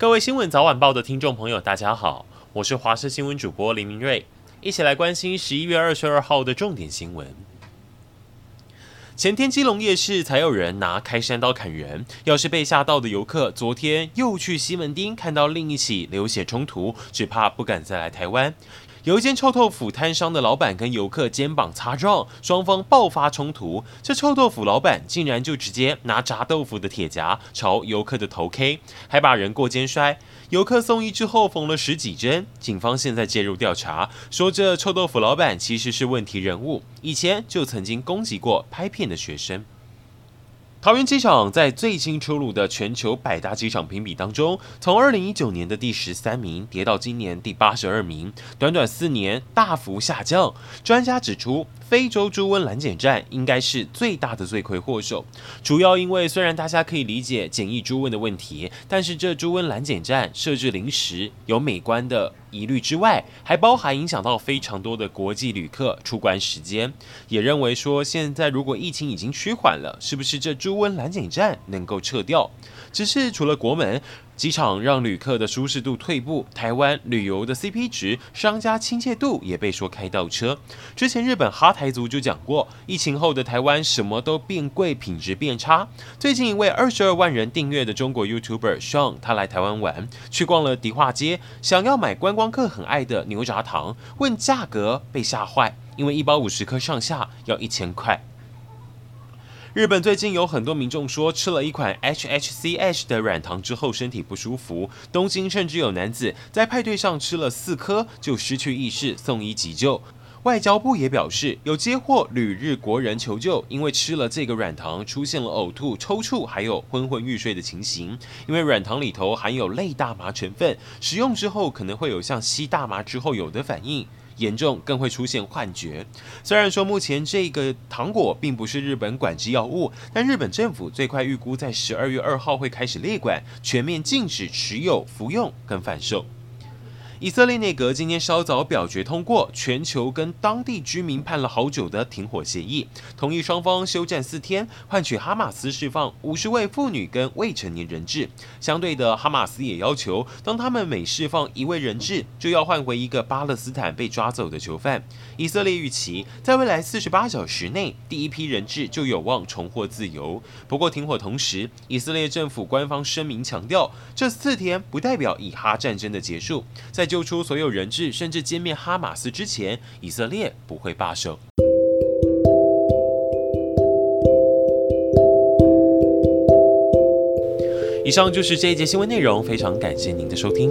各位《新聞早晚報》的聽眾朋友，大家好，我是華視新聞主播林明瑞。一起來關心十一月二十二號的重點新聞。前天基隆夜市才有人拿開山刀砍人，要是被嚇到的遊客，昨天又去西門町看到另一起流血衝突，只怕不敢再來台灣。有一間臭豆腐攤商的老闆跟遊客肩膀擦撞，雙方爆發衝突，這臭豆腐老闆竟然就直接拿炸豆腐的鐵夾朝遊客的頭 K，還把人過肩摔。遊客送醫之後縫了十幾針，警方現在介入調查，說這臭豆腐老闆其實是問題人物，以前就曾經攻擊過拍片的學生。桃園機場在最新出爐的全球百大機場評比當中，從二零一九年的第十三名跌到今年第八十二名，短短四年大幅下降。專家指出，非洲豬瘟攔檢站應該是最大的罪魁禍首，主要因為雖然大家可以理解檢疫豬瘟的問題，但是這豬瘟攔檢站設置臨時有美觀的。疑慮之外，還包含影響到非常多的國際旅客出關時間。也認為說，現在如果疫情已經趨緩了，是不是這豬瘟攔檢站能夠撤掉？只是除了國門。機場讓旅客的舒適度退步，台灣旅遊的 CP 值、商家親切度也被說開倒車。之前日本哈台族就講過，疫情後的台灣什麼都變貴，品質變差。最近一位二十二萬人訂閱的中國 YouTuber Sean，他來台灣玩，去逛了迪化街，想要買觀光客很愛的牛軋糖，問價格被嚇壞，因為一包五十克上下要一千塊。日本最近有很多民眾說，吃了一款 HHCH 的軟糖之後身體不舒服。東京甚至有男子在派對上吃了四顆就失去意識，送醫急救。外交部也表示，有接獲旅日國人求救，因為吃了這個軟糖出現了嘔吐、抽搐，還有昏昏欲睡的情形。因為軟糖裡頭含有類大麻成分，使用之後可能會有像吸大麻之後有的反應。嚴重更會出現幻覺。雖然說目前這個糖果並不是日本管制藥物，但日本政府最快預估在十二月二號會開始列管，全面禁止持有、服用跟販售。以色列內閣今天稍早表決通過全球跟當地居民盼了好久的停火協議，同意雙方休戰四天，換取哈馬斯釋放五十位婦女跟未成年人質。相對的，哈馬斯也要求，當他們每釋放一位人質，就要換回一個巴勒斯坦被抓走的囚犯。以色列預期在未來四十八小時內，第一批人質就有望重獲自由。不過，停火同時，以色列政府官方聲明強調，這四天不代表以哈戰爭的結束，在。救出所有人質，甚至殲滅哈馬斯之前，以色列不會罷手。以上就是這一節新聞內容，非常感謝您的收聽。